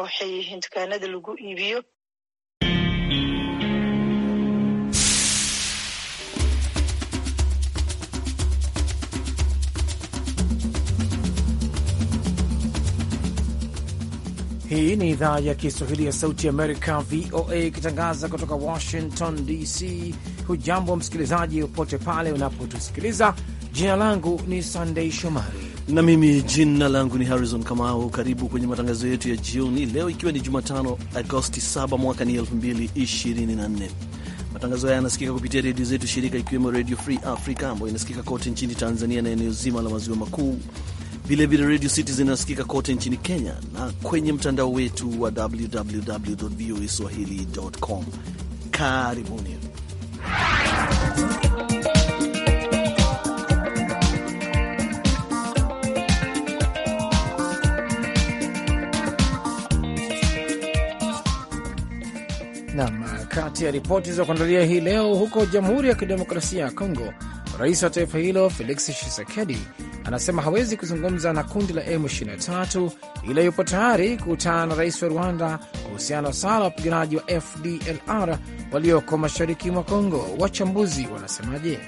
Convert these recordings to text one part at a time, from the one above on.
waxay yihiin dukaanada lagu iibiyo. Hii ni idhaa ya Kiswahili ya Sauti Amerika, VOA, ikitangaza kutoka Washington DC. Hujambo msikilizaji, popote pale unapotusikiliza. Jina langu ni Sandei Shomari na mimi jina langu ni Harrison Kamau. Karibu kwenye matangazo yetu ya jioni leo, ikiwa ni Jumatano Agosti 7 mwaka ni 2024. Matangazo haya yanasikika kupitia redio zetu shirika, ikiwemo Redio Free Africa ambayo inasikika kote nchini Tanzania na eneo zima la maziwa makuu, vilevile Redio City zinasikika kote nchini Kenya na kwenye mtandao wetu wa www voa swahili.com. Karibuni. Kati ya ripoti za kuandalia hii leo, huko Jamhuri ya Kidemokrasia ya Kongo, rais wa taifa hilo Felix Tshisekedi anasema hawezi kuzungumza na kundi la M23 ila yupo tayari kukutana na rais wa Rwanda kuhusiana na sala wapiganaji wa FDLR walioko mashariki mwa Kongo. Wachambuzi wanasemaje?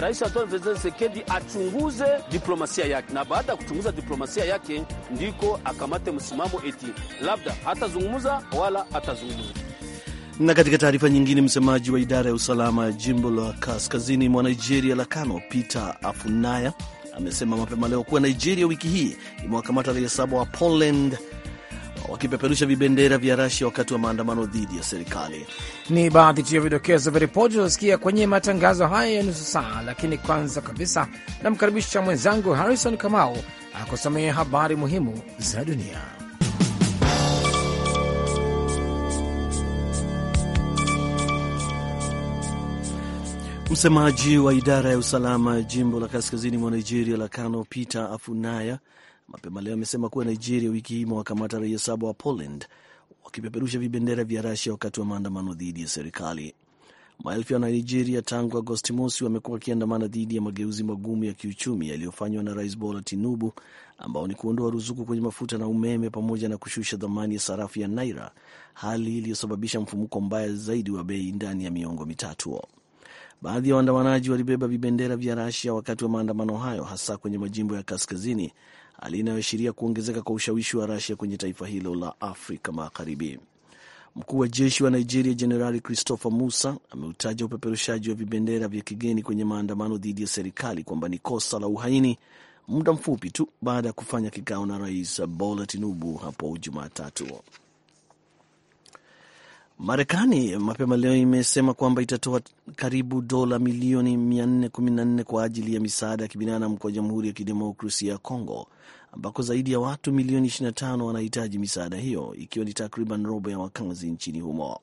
Rais Antoine Tshisekedi achunguze diplomasia yake, na baada ya kuchunguza diplomasia yake ndiko akamate msimamo, eti labda hatazungumza wala atazungumza na katika taarifa nyingine, msemaji wa idara ya usalama ya jimbo la kaskazini mwa Nigeria la Kano, Peter Afunaya, amesema mapema leo kuwa Nigeria wiki hii imewakamata raia saba wa Poland wakipeperusha vibendera vya Rasia wakati wa maandamano dhidi ya serikali. Ni baadhi tu ya vidokezo vya ripoti unaosikia kwenye matangazo haya ya nusu saa, lakini kwanza kabisa namkaribisha mwenzangu Harrison Kamau akusomea habari muhimu za dunia. Msemaji wa idara ya usalama ya jimbo la kaskazini mwa Nigeria la Kano, Peter Afunaya, mapema leo amesema kuwa Nigeria wiki hii imewakamata raia saba wa Poland wakipeperusha vibendera vya Rasia wakati wa maandamano dhidi ya serikali. Maelfu ya Nigeria tangu Agosti mosi wamekuwa wakiandamana dhidi ya mageuzi magumu ya kiuchumi yaliyofanywa na Rais Bola Tinubu, ambao ni kuondoa ruzuku kwenye mafuta na umeme pamoja na kushusha dhamani ya sarafu ya naira, hali iliyosababisha mfumuko mbaya zaidi wa bei ndani ya miongo mitatu. Baadhi ya waandamanaji walibeba vibendera vya Rasia wakati wa maandamano hayo, hasa kwenye majimbo ya kaskazini, hali inayoashiria kuongezeka kwa ushawishi wa Rasia kwenye taifa hilo la Afrika Magharibi. Mkuu wa jeshi wa Nigeria Jenerali Christopher Musa ameutaja upeperushaji wa vibendera vya kigeni kwenye maandamano dhidi ya serikali kwamba ni kosa la uhaini, muda mfupi tu baada ya kufanya kikao na Rais Bola Tinubu hapo Jumatatu. Marekani mapema leo imesema kwamba itatoa karibu dola milioni 414 kwa ajili ya misaada ya kibinadamu kwa Jamhuri ya Kidemokrasia ya Kongo, ambako zaidi ya watu milioni 25 wanahitaji misaada hiyo, ikiwa ni takriban robo ya wakazi nchini humo.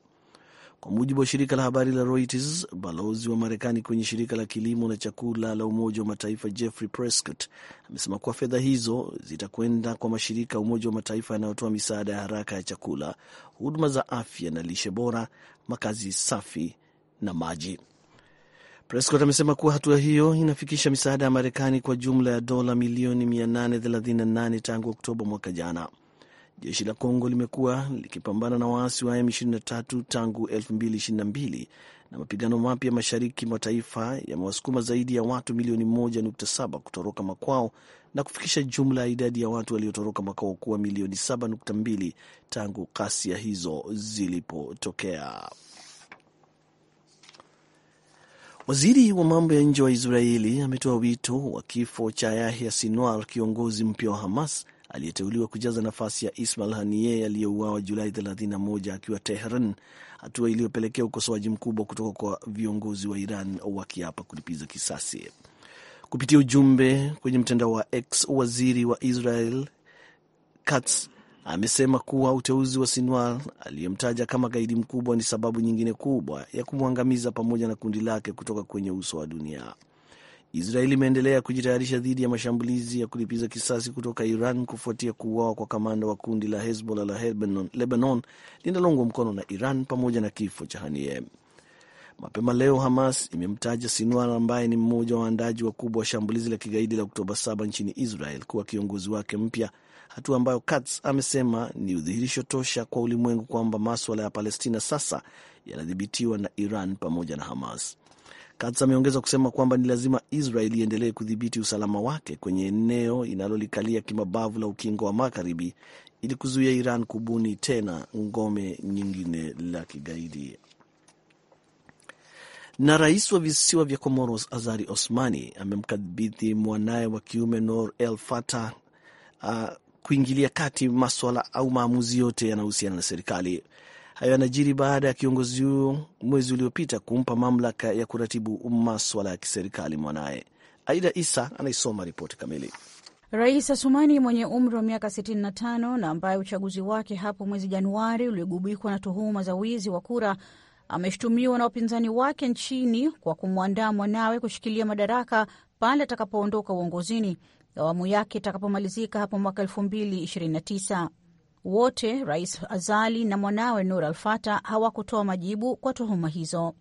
Kwa mujibu wa shirika la habari la Reuters, balozi wa Marekani kwenye shirika la kilimo na chakula la Umoja wa Mataifa Jeffrey Prescott amesema kuwa fedha hizo zitakwenda kwa mashirika ya Umoja wa Mataifa yanayotoa misaada ya haraka ya chakula, huduma za afya na lishe bora, makazi safi na maji. Prescott amesema kuwa hatua hiyo inafikisha misaada ya Marekani kwa jumla ya dola milioni 838 tangu Oktoba mwaka jana. Jeshi la Kongo limekuwa likipambana na waasi wa M23 tangu 2022 na mapigano mapya mashariki mwa taifa yamewasukuma zaidi ya watu milioni 1.7 kutoroka makwao na kufikisha jumla ya idadi ya watu waliotoroka makao kuwa milioni 7.2 tangu ghasia hizo zilipotokea. Waziri wa mambo ya nje wa Israeli ametoa wito wa kifo cha Yahya Sinwar, kiongozi mpya wa Hamas aliyeteuliwa kujaza nafasi ya Ismail hanie aliyeuawa Julai 31 akiwa Teheran, hatua iliyopelekea ukosoaji mkubwa kutoka kwa viongozi wa Iran wakiapa kulipiza kisasi. Kupitia ujumbe kwenye mtandao wa X, waziri wa Israel Katz amesema kuwa uteuzi wa Sinwar aliyemtaja kama gaidi mkubwa ni sababu nyingine kubwa ya kumwangamiza pamoja na kundi lake kutoka kwenye uso wa dunia. Israeli imeendelea kujitayarisha dhidi ya mashambulizi ya kulipiza kisasi kutoka Iran kufuatia kuuawa kwa kamanda wa kundi la Hezbollah la Lebanon, Lebanon linalongwa mkono na Iran pamoja na kifo cha Haniyeh. Mapema leo Hamas imemtaja Sinwar ambaye ni mmoja wa waandaji wakubwa wa shambulizi la kigaidi la Oktoba 7 nchini Israel kuwa kiongozi wake mpya, hatua ambayo Katz amesema ni udhihirisho tosha kwa ulimwengu kwamba maswala ya Palestina sasa yanadhibitiwa na Iran pamoja na Hamas. Katz ameongeza kusema kwamba ni lazima Israel iendelee kudhibiti usalama wake kwenye eneo inalolikalia kimabavu la ukingo wa Magharibi ili kuzuia Iran kubuni tena ngome nyingine la kigaidi. Na rais wa visiwa vya Comoros Azari Osmani amemkabidhi mwanaye wa kiume nor El fata uh, kuingilia kati maswala au maamuzi yote yanahusiana na serikali. Hayo yanajiri baada ya kiongozi huyo mwezi uliopita kumpa mamlaka ya kuratibu maswala ya kiserikali mwanaye. Aida Isa anaisoma ripoti kamili. Rais Asumani mwenye umri wa miaka 65 na ambaye uchaguzi wake hapo mwezi Januari uliogubikwa na tuhuma za wizi wa kura ameshutumiwa na upinzani wake nchini kwa kumwandaa mwanawe kushikilia madaraka pale atakapoondoka uongozini awamu yake itakapomalizika hapo mwaka 2029. Wote Rais Azali na mwanawe Nur al Fata hawakutoa majibu kwa tuhuma hizo.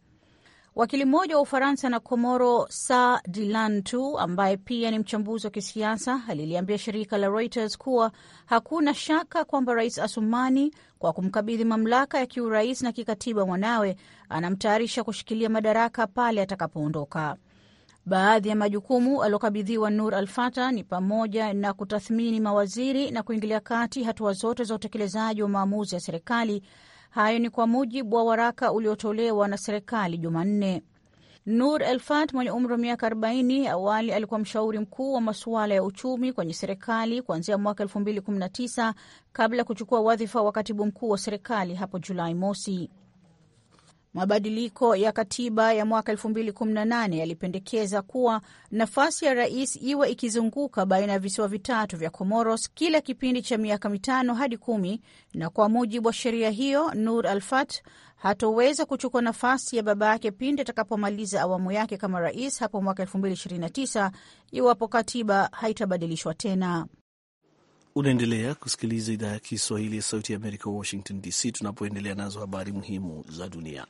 Wakili mmoja wa Ufaransa na Komoro, Sa Dilantu, ambaye pia ni mchambuzi wa kisiasa, aliliambia shirika la Reuters kuwa hakuna shaka kwamba Rais Asumani, kwa kumkabidhi mamlaka ya kiurais na kikatiba mwanawe, anamtayarisha kushikilia madaraka pale atakapoondoka. Baadhi ya majukumu aliokabidhiwa Nur al Fata ni pamoja na kutathmini mawaziri na kuingilia kati hatua zote za utekelezaji wa maamuzi ya serikali. Hayo ni kwa mujibu wa waraka uliotolewa na serikali Jumanne. Nur Elfat mwenye umri wa miaka 40 awali alikuwa mshauri mkuu wa masuala ya uchumi kwenye serikali kuanzia mwaka 2019 kabla ya kuchukua wadhifa wa katibu mkuu wa serikali hapo Julai mosi. Mabadiliko ya katiba ya mwaka 2018 yalipendekeza kuwa nafasi ya rais iwe ikizunguka baina ya visiwa vitatu vya Comoros kila kipindi cha miaka mitano hadi kumi, na kwa mujibu wa sheria hiyo, Nur Alfat hatoweza kuchukua nafasi ya baba yake pindi atakapomaliza awamu yake kama rais hapo mwaka 2029 iwapo katiba haitabadilishwa tena. Unaendelea kusikiliza idhaa ya Kiswahili ya Sauti ya Amerika, Washington DC, tunapoendelea nazo habari muhimu za dunia.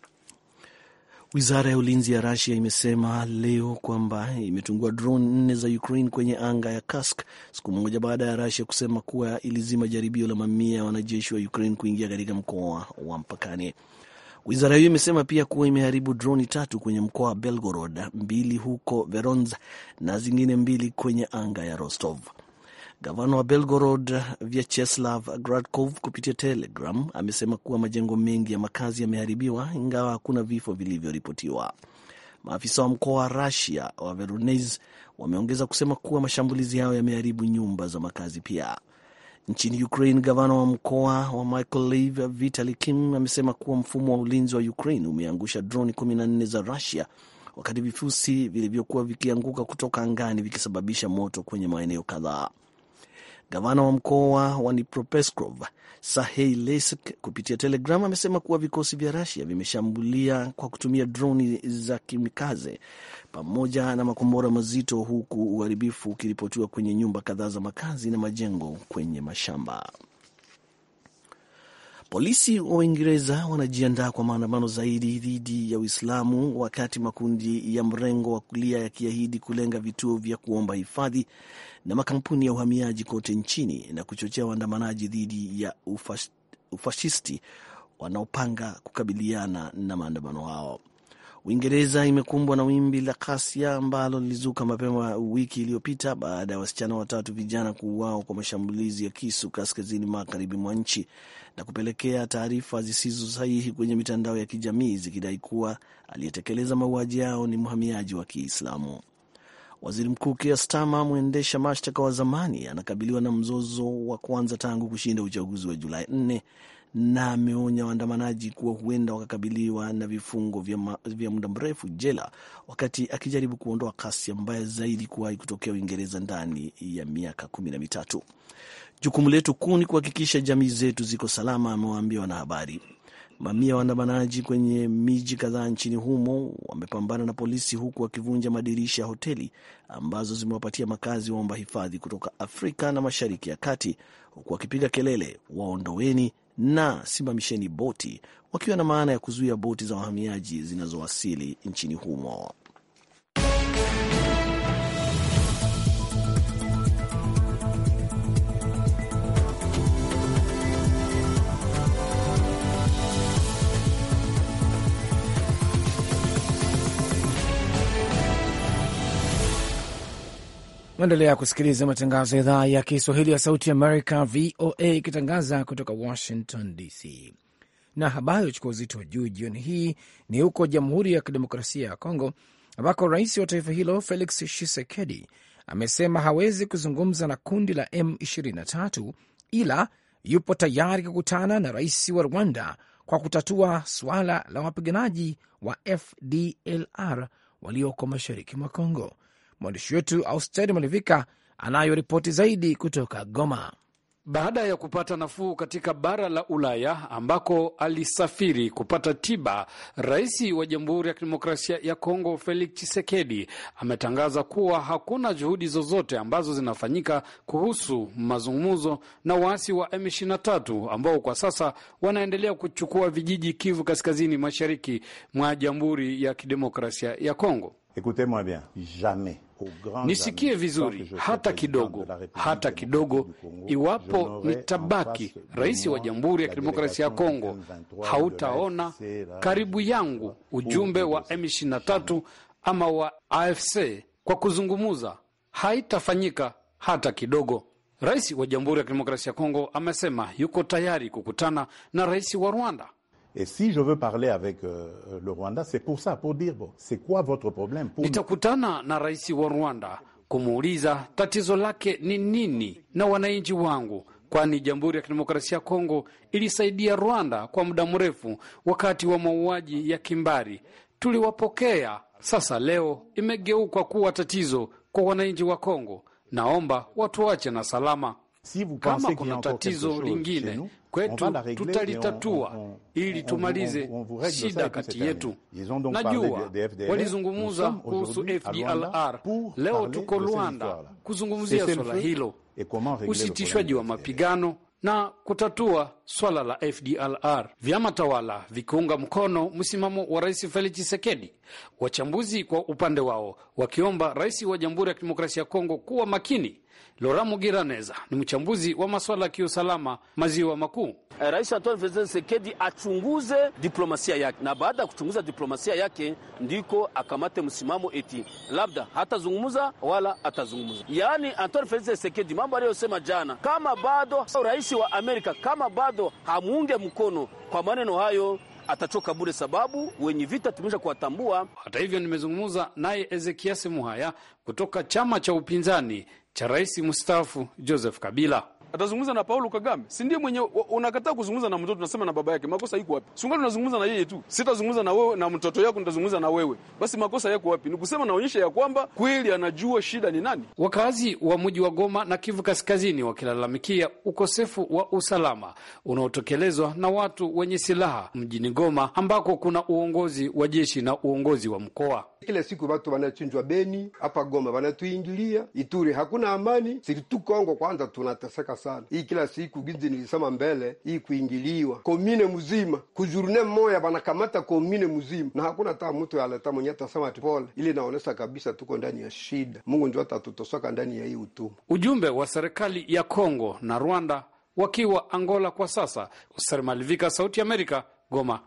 Wizara ya ulinzi ya Rusia imesema leo kwamba imetungua drone nne za Ukraine kwenye anga ya Kursk, siku moja baada ya Rusia kusema kuwa ilizima jaribio la mamia ya wanajeshi wa Ukraine kuingia katika mkoa wa mpakani. Wizara hiyo imesema pia kuwa imeharibu droni tatu kwenye mkoa wa Belgorod, mbili huko Veronza na zingine mbili kwenye anga ya Rostov. Gavana wa Belgorod Vyacheslav Gradkov kupitia Telegram amesema kuwa majengo mengi ya makazi yameharibiwa ingawa hakuna vifo vilivyoripotiwa. Maafisa wa mkoa wa Rasia wa Veronez wameongeza kusema kuwa mashambulizi hayo yameharibu nyumba za makazi pia. Nchini Ukraine, gavana wa mkoa wa Mykolaiv Vitali Kim amesema kuwa mfumo wa ulinzi wa Ukraine umeangusha droni 14 za Rusia, wakati vifusi vilivyokuwa vikianguka kutoka angani vikisababisha moto kwenye maeneo kadhaa. Gavana wa mkoa wa nipropeskov sahei Lesk kupitia Telegram amesema kuwa vikosi vya rasia vimeshambulia kwa kutumia droni za kimikaze pamoja na makombora mazito, huku uharibifu ukiripotiwa kwenye nyumba kadhaa za makazi na majengo kwenye mashamba. Polisi wa Uingereza wanajiandaa kwa maandamano zaidi dhidi ya Uislamu wakati makundi ya mrengo wa kulia yakiahidi kulenga vituo vya kuomba hifadhi na makampuni ya uhamiaji kote nchini na kuchochea waandamanaji dhidi ya ufashisti wanaopanga kukabiliana na maandamano hao. Uingereza imekumbwa na wimbi la ghasia ambalo lilizuka mapema wiki iliyopita baada ya wasichana watatu vijana kuuawa kwa mashambulizi ya kisu kaskazini magharibi mwa nchi na kupelekea taarifa zisizo sahihi kwenye mitandao ya kijamii zikidai kuwa aliyetekeleza mauaji yao ni mhamiaji wa Kiislamu. Waziri Mkuu Keir Starmer, mwendesha mashtaka wa zamani, anakabiliwa na mzozo wa kwanza tangu kushinda uchaguzi wa Julai nne na ameonya waandamanaji kuwa huenda wakakabiliwa na vifungo vya, ma, vya muda mrefu jela wakati akijaribu kuondoa kasi mbaya zaidi kuwahi kutokea Uingereza ndani ya miaka kumi na mitatu. Jukumu letu kuu ni kuhakikisha jamii zetu ziko salama, amewaambia wanahabari. Mamia ya waandamanaji kwenye miji kadhaa nchini humo wamepambana na polisi huku wakivunja madirisha ya hoteli ambazo zimewapatia makazi waomba hifadhi kutoka Afrika na Mashariki ya Kati, huku wakipiga kelele, waondoweni na simamisheni boti, wakiwa na maana ya kuzuia boti za wahamiaji zinazowasili nchini humo. Unaendelea kusikiliza matangazo ya idhaa ya Kiswahili ya Sauti Amerika, VOA, ikitangaza kutoka Washington DC. Na habari uchukua uzito wa juu jioni hii ni huko Jamhuri ya Kidemokrasia ya Kongo, ambako rais wa taifa hilo Felix Tshisekedi amesema hawezi kuzungumza na kundi la M23 ila yupo tayari kukutana na rais wa Rwanda kwa kutatua suala la wapiganaji wa FDLR walioko mashariki mwa Kongo. Mwandishi wetu Austeri Malivika anayo ripoti zaidi kutoka Goma. Baada ya kupata nafuu katika bara la Ulaya ambako alisafiri kupata tiba, rais wa Jamhuri ya Kidemokrasia ya Kongo Felix Tshisekedi ametangaza kuwa hakuna juhudi zozote ambazo zinafanyika kuhusu mazungumzo na waasi wa M23 ambao kwa sasa wanaendelea kuchukua vijiji Kivu Kaskazini, mashariki mwa Jamhuri ya Kidemokrasia ya Kongo. moi bien jamais nisikie vizuri hata kidogo, hata kidogo. Iwapo nitabaki rais wa Jamhuri ya Kidemokrasia ya Kongo, hautaona karibu yangu ujumbe wa M23 ama wa AFC kwa kuzungumuza, haitafanyika hata kidogo. Rais wa Jamhuri ya Kidemokrasia ya Kongo amesema yuko tayari kukutana na rais wa Rwanda Et si je veux parler avec euh, le Rwanda, c'est pour ça, pour dire bon, c'est quoi votre problème pour... Nitakutana na rais wa Rwanda kumuuliza tatizo lake ni nini na wananchi wangu, kwani Jamhuri ya Kidemokrasia ya Kongo ilisaidia Rwanda kwa muda mrefu wakati wa mauaji ya kimbari. Tuliwapokea, sasa leo imegeuka kuwa tatizo kwa wananchi wa Kongo. Naomba watuache na salama. Si kama kuna tatizo lingine kwetu tutalitatua ili tumalize shida kati yetu. Najua walizungumza kuhusu FDLR. Leo tuko Rwanda kuzungumzia swala hilo, usitishwaji wa mapigano na kutatua swala la FDLR. Vyama tawala vikiunga mkono msimamo wa Rais Felix Tshisekedi, wachambuzi kwa upande wao wakiomba rais wa Jamhuri ya Kidemokrasia ya Kongo kuwa makini Lora Mugiraneza ni mchambuzi wa maswala ya kiusalama maziwa makuu. Eh, rais Antoine Felix Tshisekedi achunguze diplomasia yake, na baada ya kuchunguza diplomasia yake ndiko akamate msimamo eti labda hatazungumza wala atazungumza. Yaani Antoine Felix Tshisekedi mambo aliyosema jana, kama bado rais wa Amerika kama bado hamuunge mkono kwa maneno hayo atachoka bure, sababu wenye vita tumesha kuwatambua. Hata hivyo, nimezungumza naye Ezekiasi Muhaya kutoka chama cha upinzani cha rais mstaafu Joseph Kabila atazungumza na Paulo Kagame, si ndiye mwenye unakataa kuzungumza na mtoto, unasema na baba yake, makosa iko wapi? Sungali tunazungumza na yeye tu, sitazungumza na wewe na mtoto yako, nitazungumza na wewe basi, makosa yako wapi? Ni kusema naonyesha ya kwamba kweli anajua shida ni nani. Wakazi wa mji wa Goma na Kivu Kaskazini wakilalamikia ukosefu wa usalama unaotekelezwa na watu wenye silaha mjini Goma ambako kuna uongozi wa jeshi na uongozi wa mkoa. Kila siku watu wanachinjwa Beni, hapa Goma wanatuingilia Ituri, hakuna amani. Sisi Kongo kwanza tunateseka sana. Hii kila siku gizi nilisema mbele, hii kuingiliwa komine mzima kujurune moya wanakamata komine mzima, na hakuna hata mtu aleta mwenye atasema tipole. Ili naonesa kabisa tuko ndani ya shida. Mungu ndio atatutosoka ndani ya hii utumwa. Ujumbe wa serikali ya Kongo na Rwanda wakiwa Angola kwa sasa. usermalivika Sauti Amerika, Goma.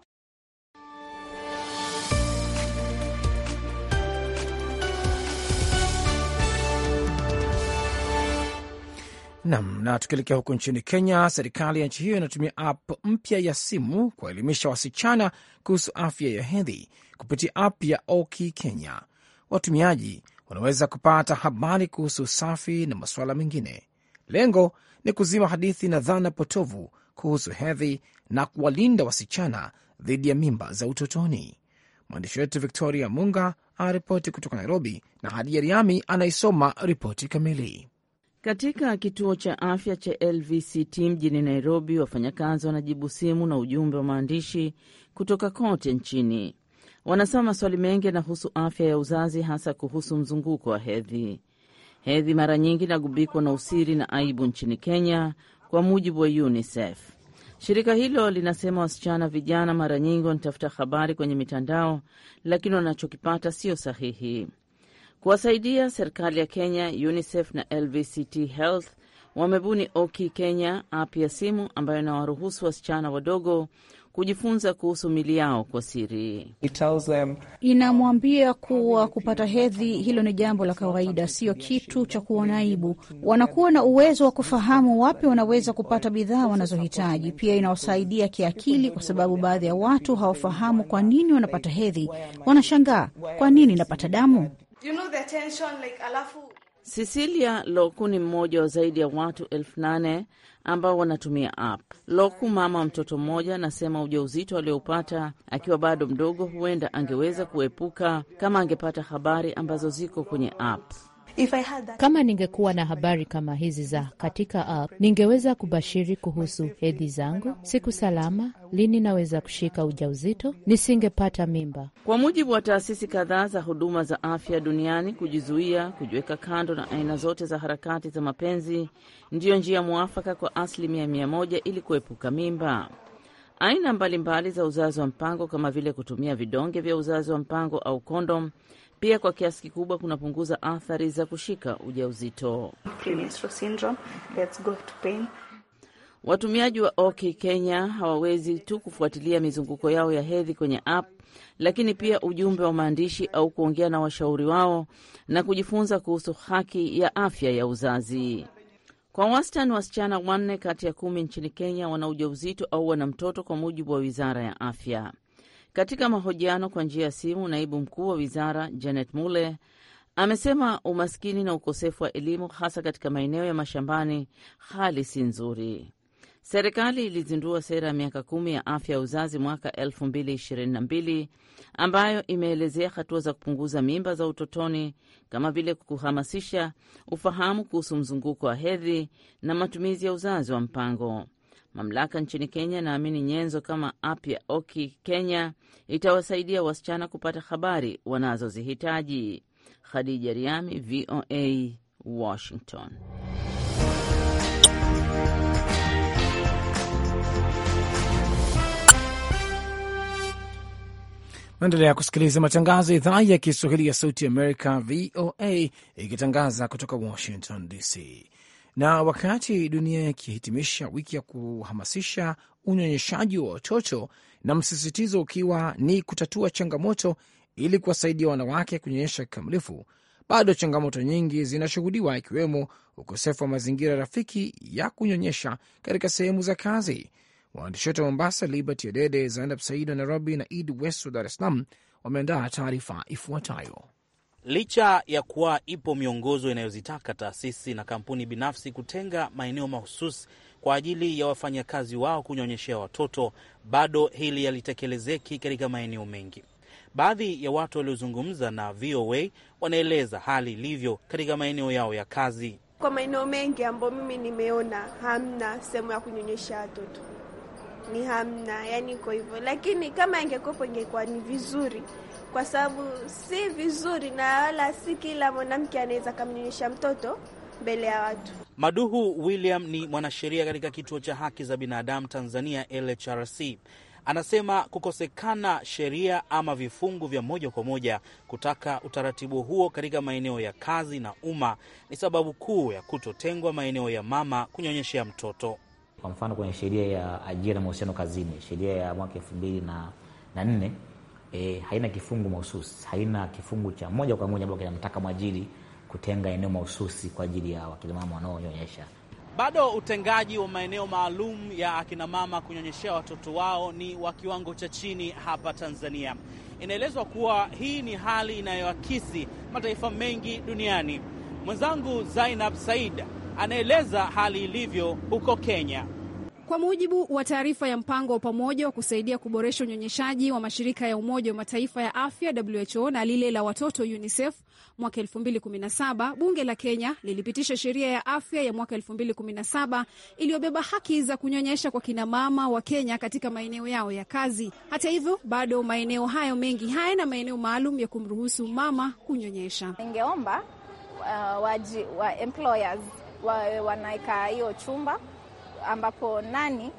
Nam. Na tukielekea huko nchini Kenya, serikali ya nchi hiyo inatumia app mpya ya simu kuwaelimisha wasichana kuhusu afya ya hedhi kupitia app ya Oki Kenya. Watumiaji wanaweza kupata habari kuhusu usafi na masuala mengine. Lengo ni kuzima hadithi na dhana potovu kuhusu hedhi na kuwalinda wasichana dhidi ya mimba za utotoni. Mwandishi wetu Victoria Munga anaripoti kutoka Nairobi na Hadia Riami anaisoma ripoti kamili. Katika kituo cha afya cha LVCT mjini Nairobi, wafanyakazi wanajibu simu na ujumbe wa maandishi kutoka kote nchini. Wanasema maswali mengi yanahusu afya ya uzazi, hasa kuhusu mzunguko wa hedhi. Hedhi mara nyingi inagubikwa na usiri na aibu nchini Kenya, kwa mujibu wa UNICEF. Shirika hilo linasema wasichana vijana mara nyingi wanatafuta habari kwenye mitandao, lakini wanachokipata sio sahihi kuwasaidia serikali ya Kenya. UNICEF na LVCT Health wamebuni Oki Kenya, app ya simu ambayo inawaruhusu wasichana wadogo kujifunza kuhusu mili yao kwa siri. Inamwambia kuwa kupata hedhi hilo ni jambo la kawaida, sio kitu cha kuona aibu. Wanakuwa na uwezo wa kufahamu wapi wanaweza kupata bidhaa wanazohitaji. Pia inawasaidia kiakili, kwa sababu baadhi ya watu hawafahamu kwa nini wanapata hedhi. Wanashangaa, kwa nini napata damu? you know the tension, like, alafu Cecilia Loku ni mmoja wa zaidi ya watu elfu nane ambao wanatumia app. Loku, mama mtoto mmoja, anasema ujauzito alioupata akiwa bado mdogo huenda angeweza kuepuka kama angepata habari ambazo ziko kwenye app kama ningekuwa na habari kama hizi za katika app, ningeweza kubashiri kuhusu hedhi zangu, siku salama, lini naweza kushika ujauzito, nisingepata mimba. Kwa mujibu wa taasisi kadhaa za huduma za afya duniani, kujizuia, kujiweka kando na aina zote za harakati za mapenzi ndiyo njia mwafaka kwa asilimia mia moja ili kuepuka mimba. Aina mbalimbali mbali za uzazi wa mpango kama vile kutumia vidonge vya uzazi wa mpango au kondom pia kwa kiasi kikubwa kunapunguza athari za kushika ujauzito. Watumiaji wa OK Kenya hawawezi tu kufuatilia mizunguko yao ya hedhi kwenye app, lakini pia ujumbe wa maandishi au kuongea na washauri wao na kujifunza kuhusu haki ya afya ya uzazi. Kwa wastani wasichana wanne kati ya kumi nchini Kenya wana ujauzito au wana mtoto, kwa mujibu wa wizara ya afya. Katika mahojiano kwa njia ya simu, naibu mkuu wa wizara Janet Mule amesema umaskini na ukosefu wa elimu hasa katika maeneo ya mashambani hali si nzuri. Serikali ilizindua sera ya miaka kumi ya afya ya uzazi mwaka 2022 ambayo imeelezea hatua za kupunguza mimba za utotoni kama vile kuhamasisha ufahamu kuhusu mzunguko wa hedhi na matumizi ya uzazi wa mpango. Mamlaka nchini Kenya naamini nyenzo kama app ya Oki Kenya itawasaidia wasichana kupata habari wanazozihitaji. Khadija Riami, VOA, Washington. Naendelea kusikiliza matangazo ya idhaa ya Kiswahili ya Sauti Amerika, VOA, ikitangaza kutoka Washington DC. Na wakati dunia ikihitimisha wiki ya kuhamasisha unyonyeshaji wa watoto na msisitizo ukiwa ni kutatua changamoto ili kuwasaidia wanawake kunyonyesha kikamilifu, bado changamoto nyingi zinashuhudiwa ikiwemo ukosefu wa mazingira rafiki ya kunyonyesha katika sehemu za kazi. Waandishi wetu wa Mombasa, Liberty Adede, Zainab Said wa Nairobi na Id West wa Dar es Salaam wameandaa taarifa ifuatayo. Licha ya kuwa ipo miongozo inayozitaka taasisi na kampuni binafsi kutenga maeneo mahususi kwa ajili ya wafanyakazi wao kunyonyeshea watoto, bado hili yalitekelezeki katika maeneo mengi. Baadhi ya watu waliozungumza na VOA wanaeleza hali ilivyo katika maeneo yao ya kazi. Kwa maeneo mengi ambayo mimi nimeona, hamna sehemu ya kunyonyesha watoto, ni hamna, yani iko hivyo, lakini kama ingekuwepo ingekuwa ni vizuri kwa sababu si vizuri na wala si kila mwanamke anaweza kamnyonyesha mtoto mbele ya watu. Maduhu William ni mwanasheria katika kituo cha haki za binadamu Tanzania LHRC. Anasema kukosekana sheria ama vifungu vya moja kwa moja kutaka utaratibu huo katika maeneo ya kazi na umma ni sababu kuu ya kutotengwa maeneo ya mama kunyonyeshea mtoto. Kwa mfano kwenye sheria ya ajira na mahusiano kazini, sheria ya mwaka elfu mbili na nne e, haina kifungu mahususi, haina kifungu cha moja kwa moja ambao kinamtaka mwajiri kutenga eneo mahususi kwa ajili ya wakinamama wanaonyonyesha. Bado utengaji wa maeneo maalum ya akinamama kunyonyeshea watoto wao ni wa kiwango cha chini hapa Tanzania. Inaelezwa kuwa hii ni hali inayoakisi mataifa mengi duniani. Mwenzangu Zainab Said anaeleza hali ilivyo huko Kenya. Kwa mujibu wa taarifa ya mpango wa pamoja wa kusaidia kuboresha unyonyeshaji wa mashirika ya Umoja wa Mataifa ya afya WHO na lile la watoto UNICEF mwaka 2017, bunge la Kenya lilipitisha sheria ya afya ya mwaka 2017 iliyobeba haki za kunyonyesha kwa kinamama wa Kenya katika maeneo yao ya kazi. Hata hivyo, bado maeneo hayo mengi hayana maeneo maalum ya kumruhusu mama kunyonyesha. Ningeomba uh, wa employers wa, wanaeka hiyo chumba ambapo nani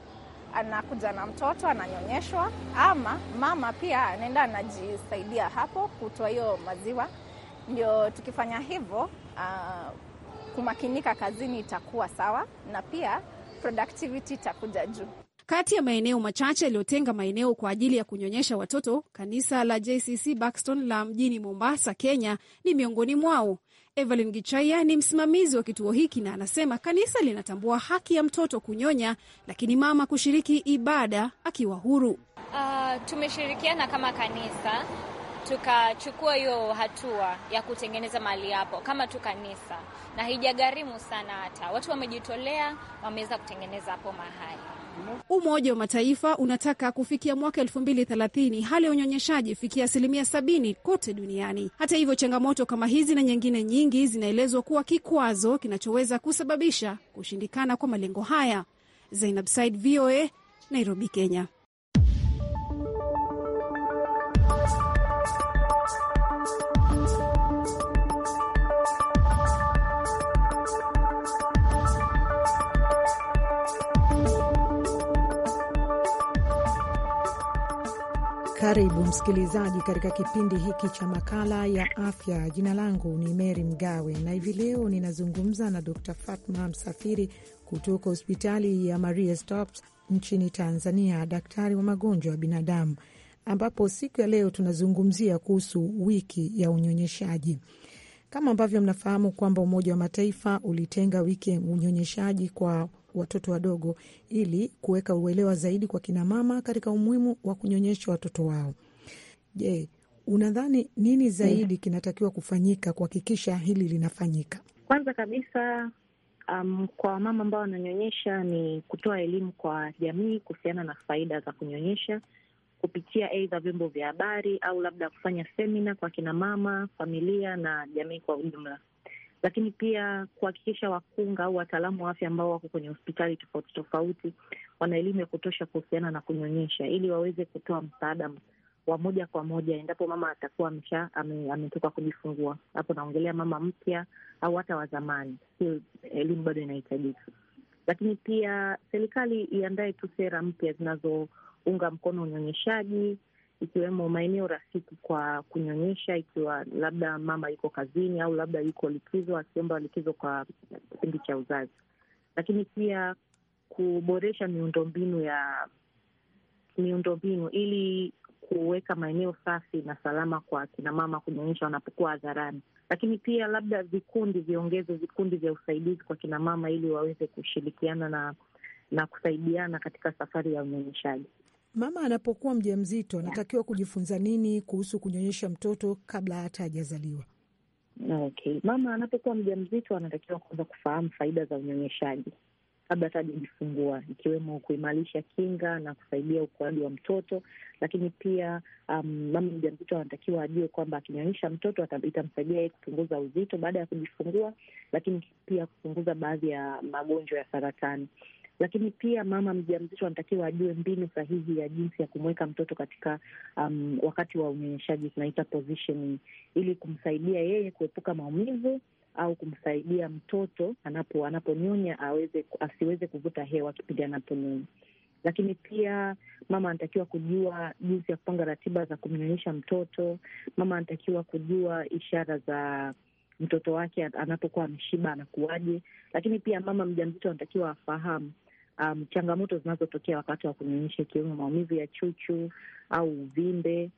anakuja na mtoto ananyonyeshwa, ama mama pia anaenda anajisaidia hapo kutoa hiyo maziwa. Ndio tukifanya hivyo, uh, kumakinika kazini itakuwa sawa na pia productivity itakuja juu. Kati ya maeneo machache yaliyotenga maeneo kwa ajili ya kunyonyesha watoto, kanisa la JCC Buxton la mjini Mombasa, Kenya ni miongoni mwao. Evelyn Gichaya ni msimamizi wa kituo hiki na anasema kanisa linatambua haki ya mtoto kunyonya, lakini mama kushiriki ibada akiwa huru. Uh, tumeshirikiana kama kanisa tukachukua hiyo hatua ya kutengeneza mali hapo kama tu kanisa, na haijagharimu sana, hata watu wamejitolea, wameweza kutengeneza hapo mahali Umoja wa Mataifa unataka kufikia mwaka elfu mbili thelathini hali ya unyonyeshaji ifikia asilimia sabini kote duniani. Hata hivyo, changamoto kama hizi na nyingine nyingi zinaelezwa kuwa kikwazo kinachoweza kusababisha kushindikana kwa malengo haya. Zainab Said, VOA, Nairobi, Kenya. Karibu msikilizaji katika kipindi hiki cha makala ya afya. Jina langu ni mery Mgawe na hivi leo ninazungumza na Dr Fatma Msafiri kutoka hospitali ya Maria Stopes nchini Tanzania, daktari wa magonjwa ya binadamu, ambapo siku ya leo tunazungumzia kuhusu wiki ya unyonyeshaji. Kama ambavyo mnafahamu kwamba Umoja wa Mataifa ulitenga wiki ya unyonyeshaji kwa watoto wadogo ili kuweka uelewa zaidi kwa kinamama katika umuhimu wa kunyonyesha watoto wao. Je, unadhani nini zaidi kinatakiwa kufanyika kuhakikisha hili linafanyika? Kwanza kabisa Um, kwa wamama ambao wananyonyesha ni kutoa elimu kwa jamii kuhusiana na faida za kunyonyesha kupitia aidha vyombo vya habari au labda kufanya semina kwa kinamama, familia na jamii kwa ujumla lakini pia kuhakikisha wakunga au wataalamu wa afya ambao wako kwenye hospitali tofauti tofauti wana elimu ya kutosha kuhusiana na kunyonyesha, ili waweze kutoa msaada wa moja kwa moja endapo mama atakuwa amesha ametoka kujifungua. Hapo naongelea mama mpya au hata wa zamani, hiyo elimu bado inahitajika. Lakini pia serikali iandae tu sera mpya zinazounga mkono unyonyeshaji ikiwemo maeneo rafiki kwa kunyonyesha, ikiwa labda mama yuko kazini au labda yuko likizo, akiomba likizo kwa kipindi cha uzazi, lakini pia kuboresha miundombinu ya miundombinu ili kuweka maeneo safi na salama kwa kinamama kunyonyesha wanapokuwa hadharani, lakini pia labda vikundi viongeze vikundi vya usaidizi kwa kinamama ili waweze kushirikiana na na kusaidiana katika safari ya unyonyeshaji. Mama anapokuwa mja mzito anatakiwa kujifunza nini kuhusu kunyonyesha mtoto kabla hata hajazaliwa? Okay, mama anapokuwa mja mzito anatakiwa kwanza kufahamu faida za unyonyeshaji kabla hata hajajifungua, ikiwemo kuimarisha kinga na kusaidia ukuaji wa mtoto. Lakini pia um, mama mzito anatakiwa ajue kwamba akinyonyesha mtoto itamsaidia yeye kupunguza uzito baada ya kujifungua, lakini pia kupunguza baadhi ya magonjwa ya saratani. Lakini pia mama mjamzito anatakiwa ajue mbinu sahihi ya jinsi ya kumweka mtoto katika um, wakati wa unyonyeshaji tunaita positioning, ili kumsaidia yeye kuepuka maumivu au kumsaidia mtoto anapo anaponyonya aweze asiweze kuvuta hewa kipindi anaponyonya. Lakini pia mama anatakiwa kujua jinsi ya kupanga ratiba za kumnyonyesha mtoto. Mama anatakiwa kujua ishara za mtoto wake anapokuwa ameshiba anakuwaje. Lakini pia mama mjamzito anatakiwa afahamu um, changamoto zinazotokea wakati wa kunyonyesha ikiwemo maumivu ya chuchu au uvimbe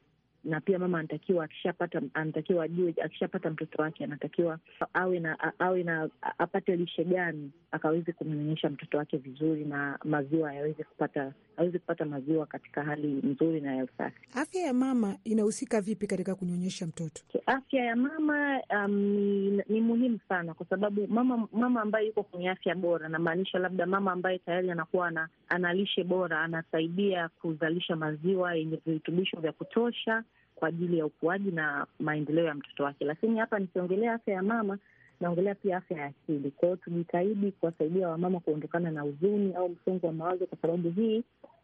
na pia mama anatakiwa akishapata, anatakiwa ajue akishapata mtoto wake anatakiwa awe na awe na apate lishe gani akaweze kumnyonyesha mtoto wake vizuri, na maziwa yaweze kupata aweze kupata maziwa katika hali nzuri na ya usafi. Afya ya mama inahusika vipi katika kunyonyesha mtoto? Afya ya mama um, ni, ni muhimu sana kwa sababu mama mama ambaye yuko kwenye afya bora, namaanisha labda mama ambaye tayari anakuwa ana lishe bora, anasaidia kuzalisha maziwa yenye virutubisho vya kutosha kwa ajili ya ukuaji na maendeleo ya mtoto wake. Lakini hapa nikiongelea afya ya mama, naongelea pia afya ya akili. Kwa hiyo tujitahidi kuwasaidia wamama kuondokana na huzuni au msongo wa mawazo, kwa sababu hii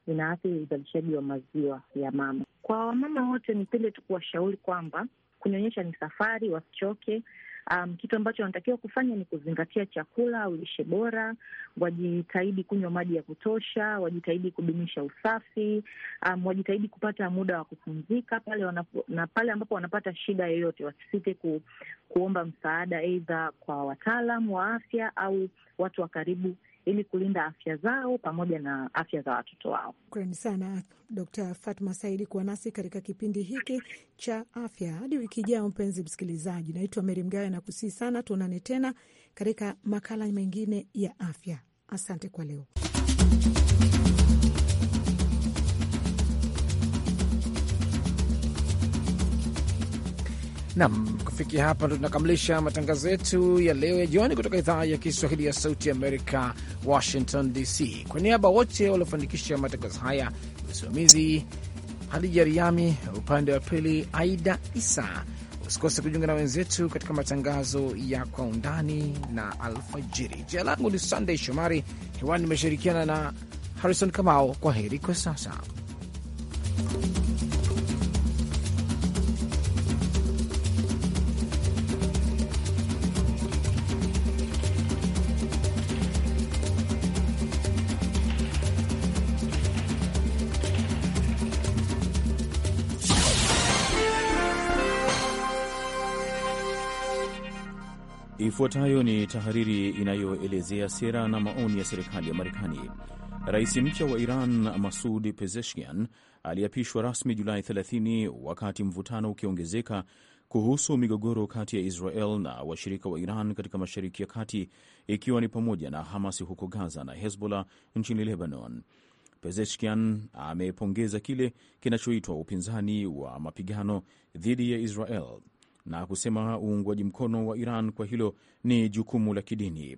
inaathiri uzalishaji wa maziwa ya mama. Kwa wamama wote, nipende tu kuwashauri kwamba kunyonyesha ni safari, wasichoke. Um, kitu ambacho wanatakiwa kufanya ni kuzingatia chakula au lishe bora, wajitahidi kunywa maji ya kutosha, wajitahidi kudumisha usafi, um, wajitahidi kupata muda wa kupumzika pale wanapo, na pale ambapo wanapata shida yoyote wasisite ku, kuomba msaada, aidha kwa wataalam wa afya au watu wa karibu ili kulinda afya zao pamoja na afya za watoto wao. Shukrani sana Dr. Fatma Saidi kuwa nasi katika kipindi hiki cha afya. Hadi wiki ijayo, mpenzi msikilizaji, naitwa Meri Mgawe na kusii sana, tuonane tena katika makala mengine ya afya. Asante kwa leo. Nam kufikia hapa ndo tunakamilisha matangazo yetu ya leo ya jioni kutoka idhaa ya Kiswahili ya Sauti Amerika, Washington DC. Kwa niaba wote waliofanikisha matangazo haya, msimamizi Hadija Riami, upande wa pili Aida Isa. Usikose kujiunga na wenzetu katika matangazo ya Kwa Undani na Alfajiri. Jina langu ni sandey Shomari, hewani nimeshirikiana na Harrison Kamao. Kwa heri kwa sasa. Ifuatayo ni tahariri inayoelezea sera na maoni ya serikali ya Marekani. Rais mpya wa Iran Masud Pezeshkian aliapishwa rasmi Julai 30 wakati mvutano ukiongezeka kuhusu migogoro kati ya Israel na washirika wa Iran katika Mashariki ya Kati, ikiwa ni pamoja na Hamas huko Gaza na Hezbollah nchini Lebanon. Pezeshkian amepongeza kile kinachoitwa upinzani wa mapigano dhidi ya Israel na kusema uungwaji mkono wa Iran kwa hilo ni jukumu la kidini.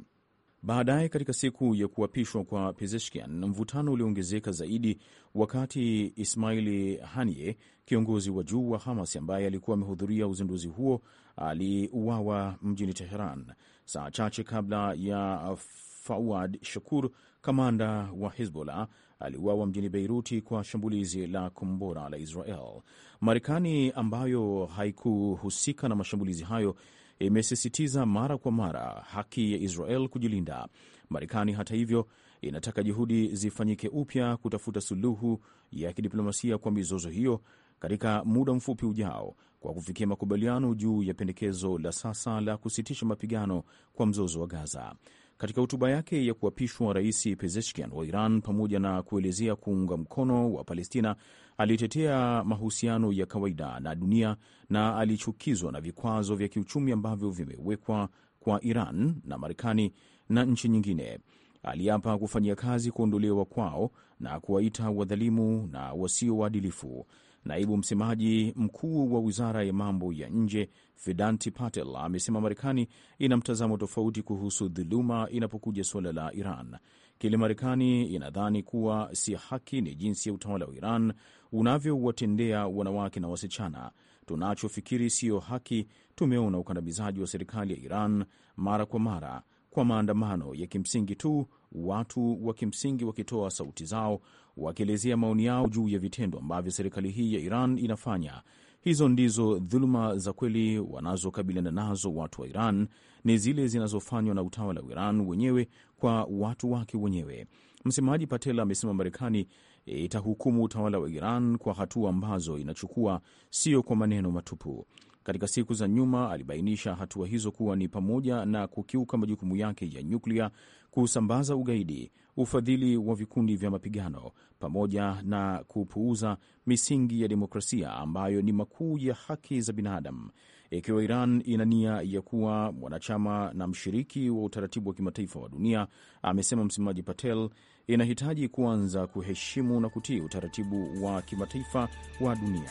Baadaye katika siku ya kuapishwa kwa Pezeshkian, mvutano uliongezeka zaidi wakati Ismaili hanie kiongozi wa juu wa Hamas ambaye alikuwa amehudhuria uzinduzi huo, aliuawa mjini Teheran saa chache kabla ya Fawad Shakur, kamanda wa Hezbollah, aliuawa mjini Beiruti kwa shambulizi la kombora la Israel. Marekani ambayo haikuhusika na mashambulizi hayo imesisitiza mara kwa mara haki ya Israel kujilinda. Marekani hata hivyo inataka juhudi zifanyike upya kutafuta suluhu ya kidiplomasia kwa mizozo hiyo katika muda mfupi ujao kwa kufikia makubaliano juu ya pendekezo la sasa la kusitisha mapigano kwa mzozo wa Gaza. Katika hotuba yake ya kuapishwa, Rais Pezeshkian wa Iran, pamoja na kuelezea kuunga mkono wa Palestina, alitetea mahusiano ya kawaida na dunia na alichukizwa na vikwazo vya kiuchumi ambavyo vimewekwa kwa Iran na Marekani na nchi nyingine. Aliapa kufanyia kazi kuondolewa kwao na kuwaita wadhalimu na wasio waadilifu. Naibu msemaji mkuu wa wizara ya mambo ya nje Fidanti Patel amesema Marekani ina mtazamo tofauti kuhusu dhuluma inapokuja suala la Iran. Kile Marekani inadhani kuwa si haki ni jinsi ya utawala wa Iran unavyowatendea wanawake na wasichana. Tunachofikiri siyo haki. Tumeona ukandamizaji wa serikali ya Iran mara kwa mara kwa maandamano ya kimsingi tu, watu wa kimsingi wakitoa sauti zao, wakielezea maoni yao juu ya vitendo ambavyo serikali hii ya Iran inafanya. Hizo ndizo dhuluma za kweli wanazokabiliana nazo watu wa Iran, ni zile zinazofanywa na utawala wa Iran wenyewe kwa watu wake wenyewe. Msemaji Patel amesema Marekani e, itahukumu utawala wa Iran kwa hatua ambazo inachukua, sio kwa maneno matupu. Katika siku za nyuma alibainisha hatua hizo kuwa ni pamoja na kukiuka majukumu yake ya nyuklia, kusambaza ugaidi, ufadhili wa vikundi vya mapigano, pamoja na kupuuza misingi ya demokrasia ambayo ni makuu ya haki za binadamu. Ikiwa Iran ina nia ya kuwa mwanachama na mshiriki wa utaratibu wa kimataifa wa dunia, amesema msemaji Patel, inahitaji kuanza kuheshimu na kutii utaratibu wa kimataifa wa dunia.